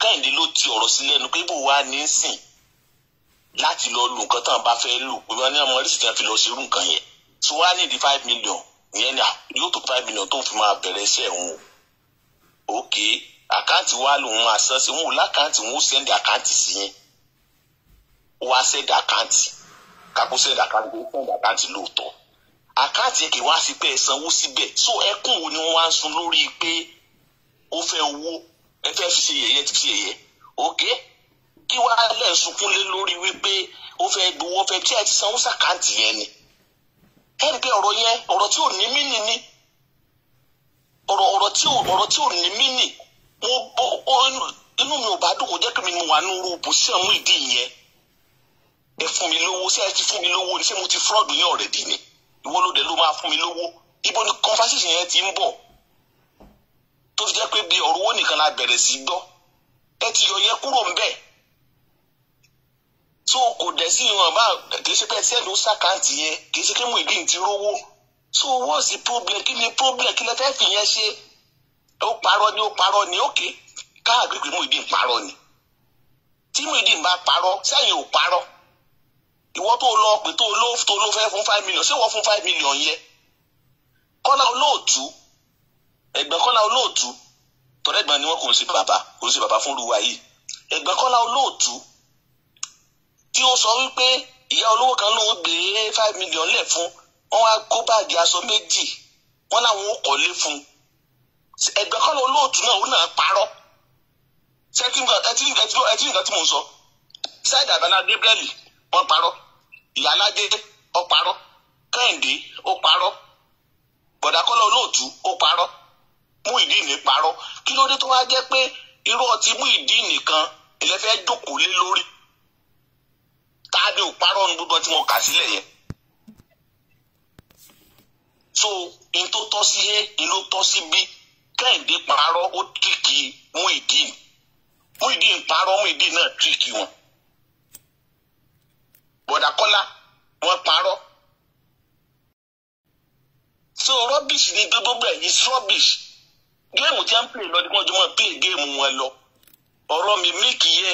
Kẹ́hìndé ló ti ọ̀rọ̀ sí lẹ́nu pé bò wá ní sìn láti lọ lu nǹkan tán bá fẹ́ lù pé wọ́n ní ọmọ rí sìtẹ́ fi lọ ṣerú nǹkan yẹn so wá ní di five million ìyẹn ni yóò tó five million tó fi máa bẹ̀rẹ̀ iṣẹ́ òun o ok àkáǹtì wa lòun máa san sí wọn ò lákáǹtì wọn ò sẹ́ndì àkáǹtì sí yẹn ó wá sẹ́ndì àkáǹtì kakó sẹ́ndì àkáǹtì lóòótọ́ àkáǹtì èkè wá sí pé ẹ sanwó síbẹ̀ so ẹkún wo ni wọ́n wá ń sun lórí pé ó fẹ́ owó ẹ fẹ́ fi ṣe yẹ̀yẹ́ ti fi ṣe yẹ̀yẹ́ òkè kí wá lẹ̀ ń sunkún lé lórí wípé ó fẹ́ gbowó fẹ́ tí ẹ ti sanwó sàkáǹtì yẹn ni ẹ rí i pé ọ̀rọ̀ yẹn ọ̀rọ̀ tí ò ní mí nì ni ọ̀rọ̀ ọ̀rọ̀ tí ò ọ̀rọ̀ tí ò ní mí nì mo bọ inú mi ò bá dùn kó jẹ́ kí mi wà ní irú pòṣíṣàn mú ìdí yẹn ẹ fún mi lówó ṣé ẹ ti fún mi lówó ni ṣé mo ti fúrọ́ọ̀dù yẹn ọ̀rẹ́dì ni ìwọ ló dé ló máa fún mi lówó ibo ni conversation yẹn ti ń bọ̀ tó fi jẹ́ pé bí ọ̀rọ̀ owó nìkan la bẹ̀rẹ̀ sí gbọ́ ẹ ti yọ yẹn kúrò ńbẹ̀ so kò dẹ̀ sí ìwọ̀n bá kìí pé ẹsẹ̀ ló ṣàkáǹtì yẹn kìí pé mo ìdí ìtì rówó so what's the problem kí ni problem kí lẹ fẹ́ fi yẹn ṣe ó parọ́ ni ó parọ́ ni ókè káàgbé pé mo ìdí ń ni tí mo ìdí bá parọ́ sẹ́yìn ò parọ́ ìwọ tó lọ pé tó ló tó ló fẹ́ fún five million ṣé wọ́n fún five million yẹ kọ́lá olóòtú ẹ̀gbọ́n kọ́lá olóòtú tọ́lẹ́gbọ̀n ni wọ́n kò sí bàbá kò sí bàbá fún ruwa yìí ẹ̀gbọ́n kọ́lá olóòtú tí ó sọ wípé ìyá olówó kan ló gbé five million lẹ̀ fún wọn wá kó báàgì aṣọ méjì wọn làwọn ò kọ́lé fún ẹ̀gbọ́n kọ́lá olóòtú náà ó náà parọ́ ẹtí nǹkan tí mò ń sọ ṣáìdì àbálá Gabriel wọn parọ́ ìyálàjẹ ó parọ́ kẹ́hìndé ó parọ́ bọ̀dákọ́lá olóòtú ó parọ́ Muyideen parọ́ kí ló dé tó wá jẹ́ pé irú ọtí Muyideen nìkan ẹlẹ́fẹ́ jókòó lé lórí tá a ní gbogbo tí wọ́n kà sílẹ̀ yẹn so n tó tọ́ sí ẹ n ló tọ́ sí bí kẹ́hìndé parọ́ ó tìkì Muyideen Muyideen parọ́ Muyideen náà tìkì wọn bọ̀dà kọ́lá wọ́n parọ́ so rubbish ni gbogbo ẹ̀ is rubbish géèmù tí a ń pè lọ ni wọ́n jọ mọ́ pè géèmù wọn lọ ọ̀rọ̀ mi míìkì yẹ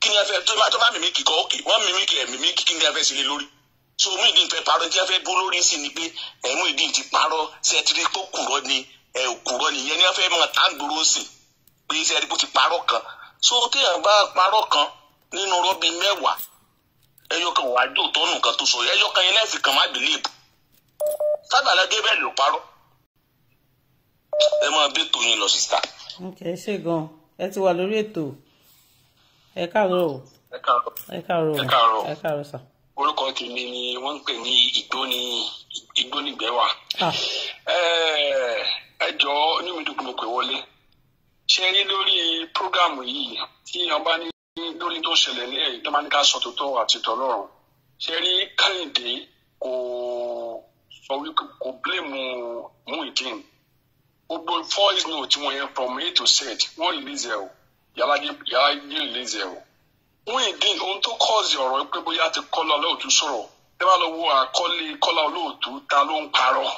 kí ni a fẹ́ tó máa tó bá mi míìkì kọ́ òkè wọ́n mi míìkì ẹ̀ mi míìkì kí ni a fẹ́ sílé lórí so mú ìdí ìfẹ́ parọ́ tí a fẹ́ bú lórí sí ni pé ẹ̀ mú ìdí ìfẹ́ parọ́ sẹ́tìrì kó kùrọ́ ni ẹ̀ òkùrọ́ nìyẹn ni a fẹ́ máa tá gbòòrò sí pé sẹ́tìrì kó ti parọ́ kan so téèyàn bá parọ́ kan nínú rọ́bì mẹ́wàá ẹyọ kan wàá dùn tó nù kan tó sọ ẹyọ kan yẹn lẹ́sìn kan má bìlí ìbò sábàlá Gabriel ló parọ́ ẹ máa bẹ́tò yín lọ sísá. ok ṣé gan ẹ ti wà lórí ètò ẹ káàárọ̀ o ẹ káàárọ̀ o ẹ káàárọ̀ sà. orúkọ tèmi ni wọ́n ń pè ní ìgbóni ìgbónigbẹ́wà ah. ẹ jọ̀ọ́ onímọ̀dókòmọ̀pẹ̀ wọlé ṣe rí lórí prógámù yìí tí wọ́n bá ní lórí tó ṣẹlẹ̀ ní ẹ̀yìn tó máa ní ká sọ tòótọ́ àti tọ́lọ́run ṣe rí Kẹ́hìndé kò sọ wípé kò blame Muyideen gbogbo voice note wọn yẹn from A to Z wọ́n release ẹ̀ o yàrá yìí release ẹ̀ o Muyideen ohun tó cause ọ̀rọ̀ pé bóyá ti Kọ́lá Olóòtú sọ̀rọ̀ ẹ bá lọ wo àkọlé Kọ́lá Olóòtú ta ló ń parọ́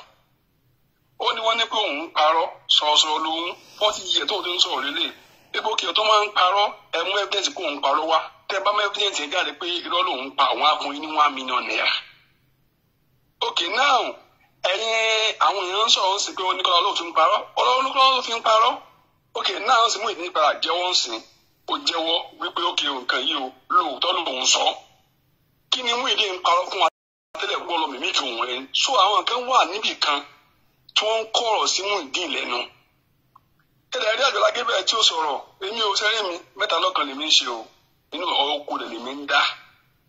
ó ní wọ́n ní pé òun ń parọ́ sọ̀rọ̀sọ̀rọ̀ lòun wọ́n ti yẹ tóun ti ń sọ̀rọ̀ lélẹ̀ egbò kí o tó máa ń parọ́ ẹ evidence kó ń parọ́ wá tẹ́ bá mú evidence yẹn jáde pé irọ́ lòun pa àwọn akọrin ní one million naira. ok now ẹ̀yin àwọn èèyàn ń sọ̀rọ̀ ń sìn pé oníkọ́lá ló fi ń parọ́ ọlọ́run oníkọ́lá ló fi ń parọ́ ok now ń sìn mú ìdílé padà jẹ́wọ́ ń sìn ó jẹ́wọ́ wípé ok nǹkan yìí o lóòótọ́ lòun sọ kí ni mú ìdí ń parọ́ fún wa tẹ́lẹ̀ gbọ́ lọ mímí kì òun rẹ̀ so àwọn kan wà níbì kan tí wọ́n ń kọ̀rọ̀ sí mú ìdí ìlẹ́nu ẹ̀dá ẹ̀dá àgbàlá gébẹ̀ tí ó sọ̀rọ̀ èmi ò sẹ́rí mi mẹ́ta lọ́kàn lèmi ń ṣe o inú ọkọ rẹ̀ lèmi ń dá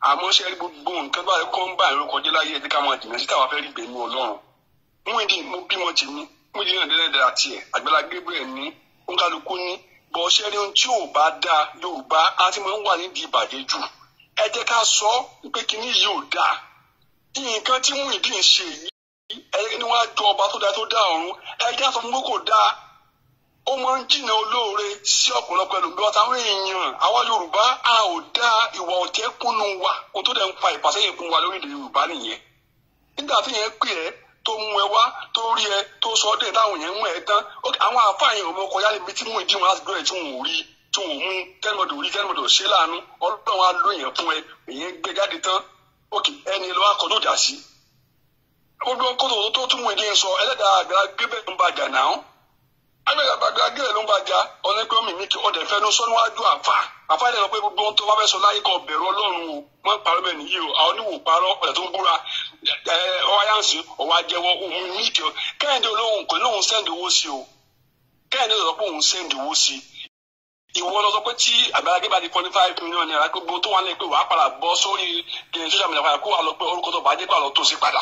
àmọ́ sẹ́rí gbogbo nǹkan bá kọ́ ń bá àrùn kọjá láyé ẹ̀dí ká máa jìnnà sí táwọn afẹ́rí gbẹ̀mí ọlọ́run mú ìdí mo bí wọn ti ní mú ìdí náà dẹ́dẹ́ àti ẹ̀ àgbàlá gébẹ̀ ní òǹkálukú ní bọ́ sẹ́rí ohun tí ò bá dá Yorùbá á ti máa ń wà nídìí ìbàjẹ́ jù ẹ jẹ́ ká sọ pé kinní yìí ò dáa nǹkan tí mú ìdí ń ṣe yìí ẹ níwájú ọba tó dá tó dá ọ̀run ẹ jẹ́ àfọ̀mọ́ kò dáa ó máa ń jìnnà olóore sí ọ̀pọ̀lọpọ̀ ẹlòmíì ọ̀tá àwọn èèyàn àwa yorùbá a ò dá ìwà ọ̀tẹ̀ kúnnú wa kó tó dẹ̀ ń fa ìfàsẹ́yìn kún wa lórílẹ̀ yorùbá nìyẹn nígbà tí yẹn pè ẹ́ tó mú ẹ wá tó rí ẹ tó sọ dé táwọn yẹn mú ẹ tán àwọn àfààyàn ọmọ ọkọ yálé ibi tí mò ń dí wọn àdúrà ẹ tí wọn ò rí tí wọn ò mú tẹnudọ rí tẹnudọ ṣe láàánú ọlọ́run á lóyìn kótó tó tún wọn ilé sọ ẹlẹ́dàá àgbà gbé bẹ́ẹ̀ ń bàjá náà agbẹ̀dẹ̀ àgbàdo agẹ́rẹ̀ ló ń bàjá ọ̀nẹ́gbẹ́mì mi kí ọ̀dẹ̀ fẹ́ ló sọ́nù wájú àfa àfa ìdẹ̀ lọ pé gbogbo ohun tó bá fẹ́ sọ láyé kan bẹ̀rù ọlọ́run o mọ́ parọ́ bẹ́ẹ̀ nìyí o àwọn oníwò parọ́ ọ̀dẹ̀ tó ń búra ọ̀wáyáǹsì ọ̀wá jẹ́wọ́ òun ní ìkẹ́ kẹ́hìndé olóhùn kò lóhùn sẹ́ndì owó sí o kẹ́hìndé lọ pé òun sẹ́ndì owó sí ìwọ lọ sọ pé tí àgbàlagbé bá di forty five million naira gbogbo tó wà ní pé wàá padà bọ́ sórí eh, social media padà kó wà lọ pé orúkọ tó bàjẹ́ pàlọ́ tó sí padà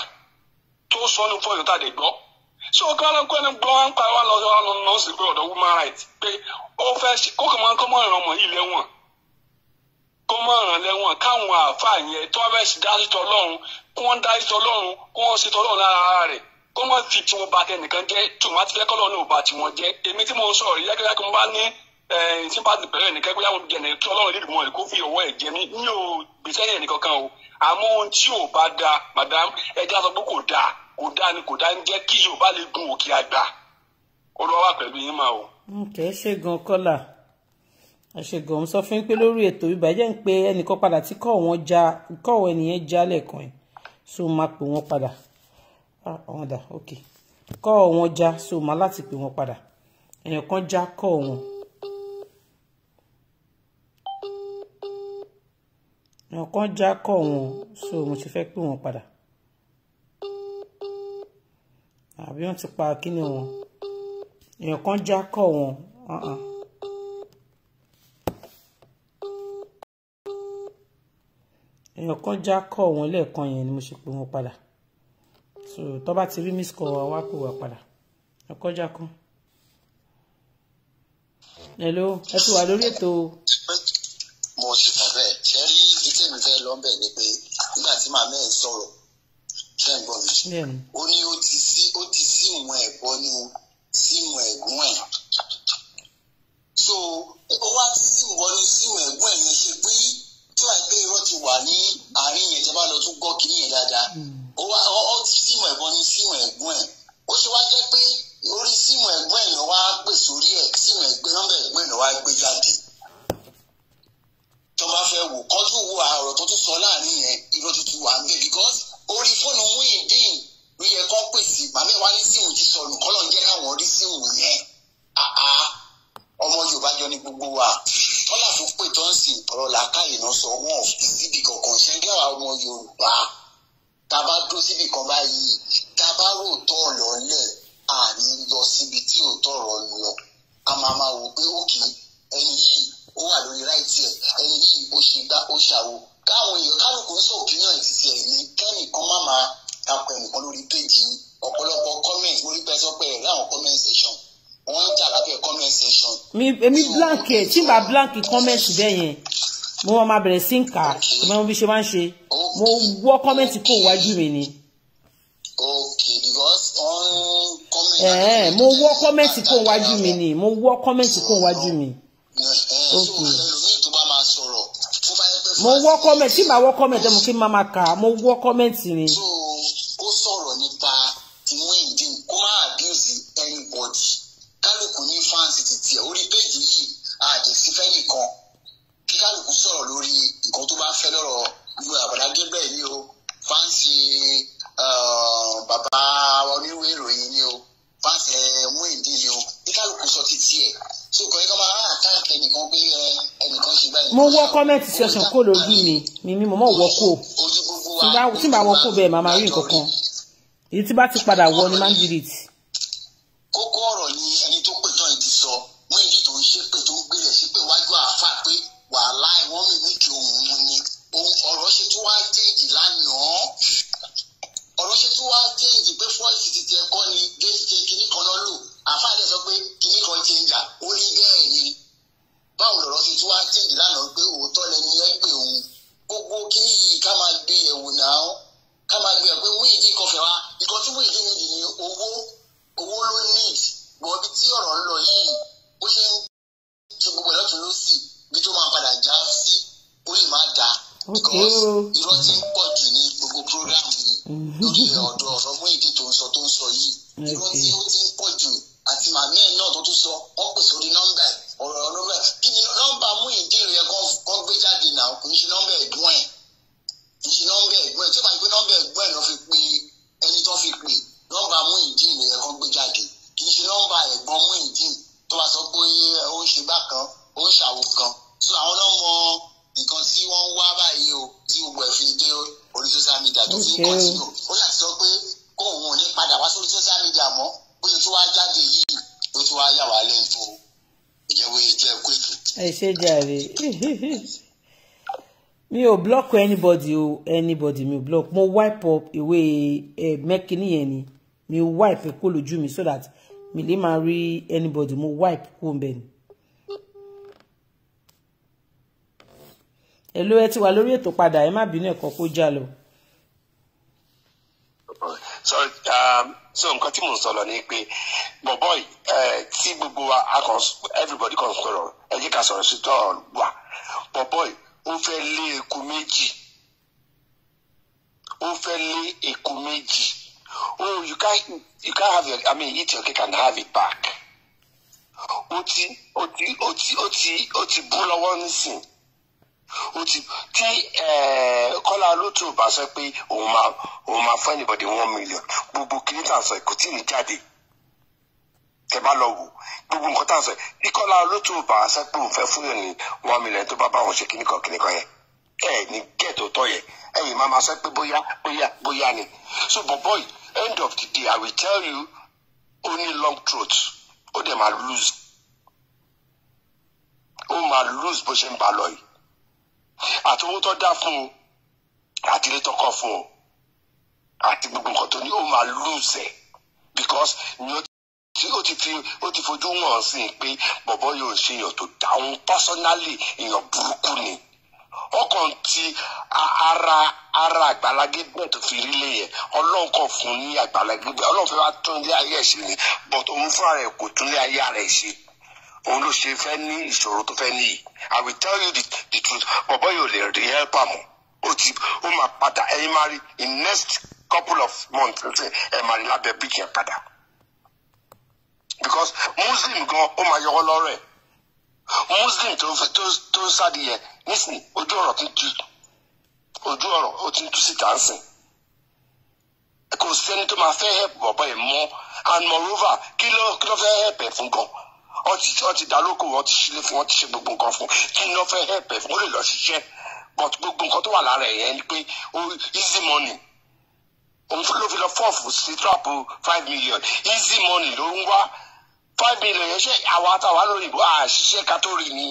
tó sọ́nù fọ́ọ̀yọ́ tá a lè gbọ́ ṣé o kọ́ ọlọ́nkọ́ ẹni gbọ́ ń pariwo lọ sí ọlọ́run náà sì pé ọ̀dọ̀ woman right pé ó fẹ́ ṣe kó kàn máa kọ́ mọ́ ìrànmọ́ yìí lẹ́wọ̀n kó mọ́ ìràn lẹ́wọ̀n káwọn àáfàá yẹn tó wọ́n fẹ́ ṣe dájú tọ́ lọ́run kó wọ́n dájú tọ́ lọ́run kó wọ́n ṣe tọ́ lọ́run lára rẹ̀ kó mọ́ fi tí wọ́n ba tẹnìkan jẹ́ tí wọ́n ti fẹ́ kọ́ lọ́run ò ba tí wọ́n jẹ́ èmi tí mo ń sọ̀rọ̀ yẹ́kẹ́yẹ́kẹ́ mo bá ní sympathy pẹ̀lú ẹnìkan pé àwọn jẹ̀nẹ̀ tí ọlọ́run lè mọ̀ kó fi ọwọ́ ẹ̀ jẹ mí ní o gbèsè ẹnìkan kan o àmọ́ ohun tí ò bá da madam ẹja sọ pé kò dáa kò dáa ni kò dáa ń jẹ́ kí Yorùbá lè gun òkè àgbà Olúwa wà pẹ̀lú yín máa o. ǹkẹ́ ẹ ṣe gan kọ́là àṣegàn sọ fún pé lórí ètò ìbàjẹ́ ń pe ẹnìkan padà tí kọ́ wọn já kọ́ wọn ènìyàn já lẹ́ẹ̀kan ẹ̀ so máa pè wọ́n padà ah, àwọn dà ok kọ́ wọn já so máa láti pè wọ́n padà èèyàn kan já kọ́ wọn. èèyàn kan já kọ́ wọn so mo ti fẹ́ pè wọ́n padà àbí wọ́n ti pa kíni wọn èèyàn kan já kọ wọn. èèyàn kan já kọ wọn lẹ́ẹ̀kan yẹn ni mo ṣe pé wọn padà tó bá ti rí miss call wa wá pè wá padà ẹ kọjá kan. hello ẹ ti wà lórí ètò. mo ti fà ṣe rí ìdíje mi fẹ́ lọ́nbẹ̀ ni pé nígbà tí màmá ẹ̀ sọ̀rọ̀ ṣe ń gbọ́ mi ó ní ó ti ó ti sí ìwọ̀n ẹ̀bọnú sí ìwọ̀n ẹ̀gún ẹ̀ so ó wá ti sí ìwọ̀nú sí ìwọ̀n ẹ̀gún ẹ̀ yẹn ṣe pé tí wàá pé irọ́ ti wà ní àárín yẹn tí a bá lọ tún gbọ́ kí yẹn dáadáa ó wá ó ti sí ìwọ̀n ẹ̀bọnú sí ìwọ̀n ẹ̀gún ẹ̀ ó ṣe wá jẹ́ pé orí síìmù ẹ̀gbọ́n ẹ̀ ló wá pè sórí ẹ̀ síìmù ẹ̀gbẹ́ nọ́mbà ẹ̀gbọ́n ló wá gbé jáde tó bá fẹ́ wò kọ́ tún wo àrò tó tún sọ láàrin yẹn irọ́ tuntun wà ń bẹ̀ because orí fóònù Muyideen ló yẹ kán pèsè màmí wa ní síìmù ti sọnù kọ́lọ̀ ń jẹ́ káwọn rí síìmù yẹn àá ọmọ Yorùbá jọ ní gbogbo wa tọ́lá tó pè tó ń sìn ọ̀rọ̀ làákàyè náà sọ wọn ò fi síbi kankan ṣe ń gẹ́wà ọmọ Yorùbá tá a bá dúró síbi kan báyìí tá a bá rò tọ́ ọ̀lọ́ lẹ̀ àní lọ síbi tí ò tọ̀rọ̀ lọ a máa máa wò pé òkè ẹni yìí ó wà lórí ráìtì ẹ̀ ẹni yìí ó ṣe gbá ó ṣàwò káwọn èèyàn kálukú ń sọ òpínà ìtìtì ẹ̀ ní kẹ́nìkan má máa takọ ẹnìkan lórí péjì ọ̀pọ̀lọpọ̀ comment lórí pẹ́sọ́ pé comment section wọ́n ń jà lábẹ́ comment section. mi èmi blank ẹ tí bá blank comment bẹ́ẹ̀ yẹn mo máa bẹ̀rẹ̀ sí ń kà mo bí ṣe máa ń ṣe mo wọ́ comment kó wájú mi ni. okay mo wọ́ comment kó wájú mi ni mo wọ́ comment kó wájú mi. mo wọ́ comment tí màá wọ́ comment ẹ̀ mo kí n máa ma kà mo wọ́ comment ni. so mo wọ kọ́mẹ́ǹtì section kó lójú mi mi mi mo mọ̀ wọ́ kó tí bá wọ́ kó bẹ́ẹ̀ màmá rí nǹkan kan èyí tí bá ti padà wọ ni máa ń delete. because irọ́ ti ń pọ̀ jù ní gbogbo program yìí mm-hmm. lórí ọ̀dọ̀ ọ̀rọ̀ mú èdè tó ń sọ tó ń sọ yìí irọ́ tí ó ti ń pọ̀ jù àti màmí ẹ̀ náà tó tún sọ ọ́ pèsè orí nọ́mbà. ṣe jàre mi ò block anybody o anybody mi ò block mo wipe up ìwé ẹ eh, mẹkìnì yẹn ni mi wipe e kó lójú mi so that mi lè máa rí anybody mo wipe kó n bẹ ni. èlò ẹ ti wà lórí ètò padà ẹ má bínú ẹ̀kọ́ kó já lọ. so nǹkan tí mò ń sọ lọ ni pé bọ̀bọ̀ eh, tí gbogbo wa everybody kan sọ̀rọ̀ ẹ ká sọ̀rọ̀ sí tọ́ wa bọ̀bọ̀ ó fẹ́ lé eku méjì ó fẹ́ lé eku méjì oh you can't you can have your i mean eat your cake and have it back ó ti ó ti ó ti ó ti ó bú lọ́wọ́ nísìnyí ó ti tí eh, Kọ́lá Olótù bá sọ pé òun máa òun máa fún ẹnìbọdì one million gbogbo kìíní tà sọ kò tí ì ní jáde tẹ bá lọ wò gbogbo nǹkan tà sọ bí Kọ́lá Olótù bá sọ pé òun fẹ́ fún yẹn ní one million tó bá bá wọn ṣe kíní kan kíní kan yẹn ẹ ní gẹ̀ẹ́tò tọ́ yẹn ẹ̀yìn máa ma sọ pé bóyá bóyá bóyá ni so bọ̀bọ̀ yìí end of the day I will tell you only long throat ó dẹ̀ máa lose ó máa lose bó ṣe ń ba lọ yìí àti owó tó dá fún o àti ilé tó kọ́ fún o àti gbogbo nǹkan tó ní ó máa lùsẹ because ni ó tí ó ti fi ó ti fojú wọn sí i pé bọ̀bọ́ yóò ṣe èèyàn tó dáhùn personally èèyàn burúkú ni ọkàn ti ara ara àgbàlagbé tó fi rí lé yẹn ọlọ́run kàn fún ní àgbàlagbé ọlọ́run fẹ́ wá tún ilé ayé ẹ̀ ṣe ni but òun fúnra rẹ̀ kò tún ilé ayé rẹ̀ ṣe òun ló ṣe fẹ́ ní ìṣòro tó fẹ́ níyì i will tell you the, the truth bọ̀bọ̀ yóò lè rí help am ó ti ó máa padà ẹ̀yin máa rí in next couple of months ẹ̀ ẹ̀ máa rí lábẹ́ bíríkì yẹn padà because muslim gan ó máa yọwọ́ lọ́rọ̀ muslim tó tó tó ń sáde yẹn nísìnyí ojú ọ̀rọ̀ tó ń tu ojú ọ̀rọ̀ ó ti ń tu síta ń sìn kò sẹ́ni tó máa fẹ́ help bọ̀bọ̀ ẹ̀ mọ́ and moreover kí ló kí ló fẹ́ help ẹ̀ fún gan ọtí ọtí dálókò wọn ti ṣílé fún wọn ti ṣe gbogbo nǹkan fún kí iná fẹ́ help ẹ̀ fún ó lè lọ ṣiṣẹ́ but gbogbo nǹkan tó wà lára ẹ̀ ni pé easy money òun ló fi lọ fọ́ọ̀fù sí trap five million easy money ló ń wá five million yẹn ṣe àwa àtàwà lóyìnbó àṣìṣe ká tó rí ni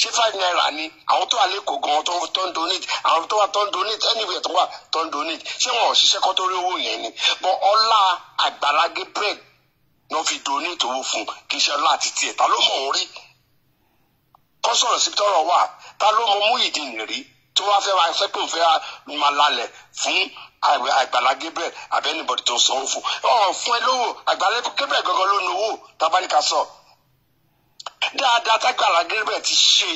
ṣé five naira ni àwọn tó wà lẹ́kọ̀ọ́ gan tó tó ń donate àwọn tó wà tó ń donate anywhere tó wà tó ń donate ṣé wọn ò ṣiṣẹ́ kó owó yẹn ni but ọlá àgbàlagé bread ní wọ́n fi donate owó fún kì í ṣe ọlá àti tiẹ̀ ta ló mọ̀ ń rí kọ́ sọ̀rọ̀ síbi tọ́rọ̀ wà ta ló mọ Muyideen rí tí wọ́n fẹ́ wá sẹ́pẹ̀ òun fẹ́ máa lalẹ̀ fún Àgbàlá Gabriel àbí anybody tó sanwó fún ọ fún ẹ lówó Àgbàlá Gabriel gangan ló nowó tabaríka sọ dáadáa tágbàlá Gabriel ti ṣe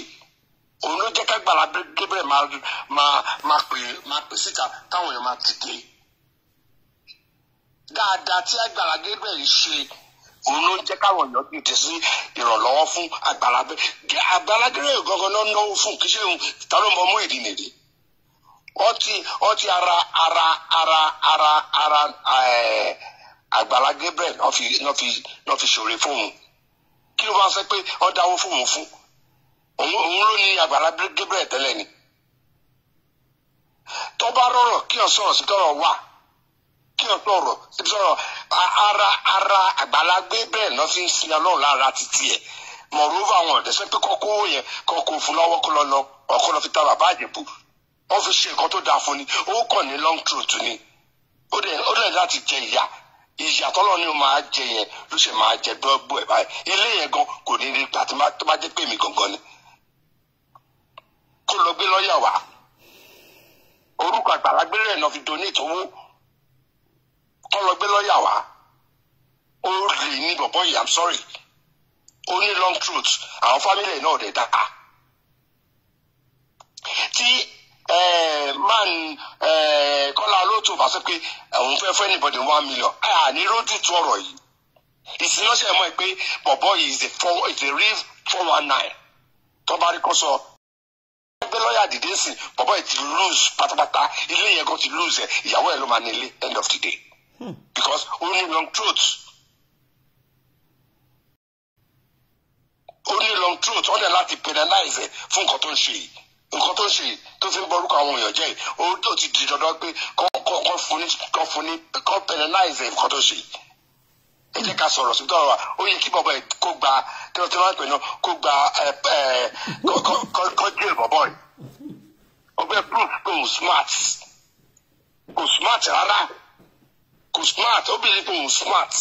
òun ló jẹ́ kágbàlá Gabriel máa pè síta táwọn èèyàn máa tètè dáadáa tí Àgbàlá Gabriel ṣe òun ló ń jẹ́ káwọn èèyàn dìde sí ìrànlọ́wọ́ fún Àgbàlá Àgbàlá Gabriel gangan náà náwó fún kí ṣe òun ta ló ń bọ mú ìdí nìyí ọtí ọtí ara ara ara ara ara Àgbàlá eh, Gabriel náà fi ṣòre fóun kí ló máa sọ pé ọ dáwó fóun fún òun ló ní Àgbàlá Gabriel tẹ́lẹ̀ ni tó bá rọrọ̀ kí ọ sọ̀rọ̀ sí tọrọ wà kí ló sọ̀rọ̀ síbi sọ̀rọ̀ ara ara àgbàlagbé bẹ́ẹ̀ náà fi ń sin ọlọ́run lára títí ẹ̀ mọ̀rúfà wọn ọ̀dẹ́sẹ́ pé kọ́kọ́ yẹn kọ́kọ́ fún lọ́wọ́ kó lọ lọ fi ta bàbá àjẹbù wọ́n fi ṣe nǹkan tó dáa fún ni ó kàn ní long throat ni ó dẹ̀ láti jẹ ìyá ìyá tọ́lọ́ ni ó máa jẹ yẹn ló ṣe máa jẹ dọ́gbọ́ ẹ̀ báyìí ilé yẹn gan kò ní rí gbà tó bá jẹ́ pé mi gangan ni kó lọ gbé lọ́ọ̀yà wá orúkọ àgbàlagbé rẹ̀ náà fi donate owó kọ́ lọ gbé ó lè ní bọ̀bọ̀ yìí i'm sorry ó ní long truth àwọn family ẹ̀ náà dẹ̀ dá tí man kọ́lá olóòtú bá sọ pé òun fẹ́ fẹ́ anybody one million a ní rójútu ọ̀rọ̀ yìí ìsinlọ́sẹ̀ mọ́ ẹ pé bọ̀bọ̀ yìí is the four is the real four one nine tó rí kó sọ ẹgbẹ́ lọ́ọ̀yà dìde sí bọ̀bọ̀ yìí ti lose pátápátá ilé yẹn kó ti lose ẹ̀ ìyàwó ẹ̀ ló máa ní end of the day because only long truth, only long truth. ó dẹ̀ láti penalize ẹ̀ fún nǹkan tó ń ṣe yìí nǹkan tó ń ṣe tó fi ń borúkọ àwọn èèyàn jẹ́ ó tó ti di dandan pé kán fún ní kán fún ní kán penalize ẹ̀ nǹkan tó ń ṣe yìí ẹ jẹ́ ká sọ̀rọ̀ síbi tọ́rọ̀ wa ó yẹ kí bọ̀bọ̀ ẹ̀ kó gba kí ló ti máa ń pè náà kó gba kọjú ìbọ̀bọ̀ rẹ̀ ọbẹ̀ proof kò smart kò smart rárá kò smart ó bìlí pé smart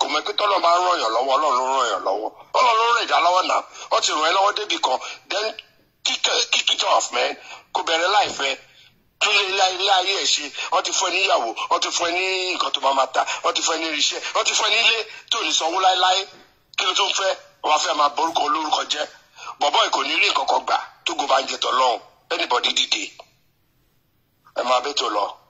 kò mọ̀ pé tọ́lọ́ máa ń ràn yàn lọ́wọ́ ọlọ́run ràn yàn lọ́wọ́ ọlọ́run ràn ìdá lọ́wọ́ náà ó ti ràn ẹ́ lọ́wọ́ débi kan then kick it off man kò bẹ̀rẹ̀ láìfẹ́ tún lè ilé ayé ẹ̀ ṣe wọ́n ti fún ẹ níyàwó wọ́n ti fún ẹ ní nǹkan tó máa ma ta wọ́n ti fún ẹ ní irinṣẹ́ wọ́n ti fún ẹ nílé tó ní sanwó láéláé kí ló tún fẹ́ wọ́n fẹ́ máa borúkọ olórúkọ jẹ́ bọ̀bọ́ ìkò ní rí nǹkan kan gbà tó gò bá ń jẹ tọ̀ lọ́hùn anybody dìde ẹ máa bẹ́tò lọ.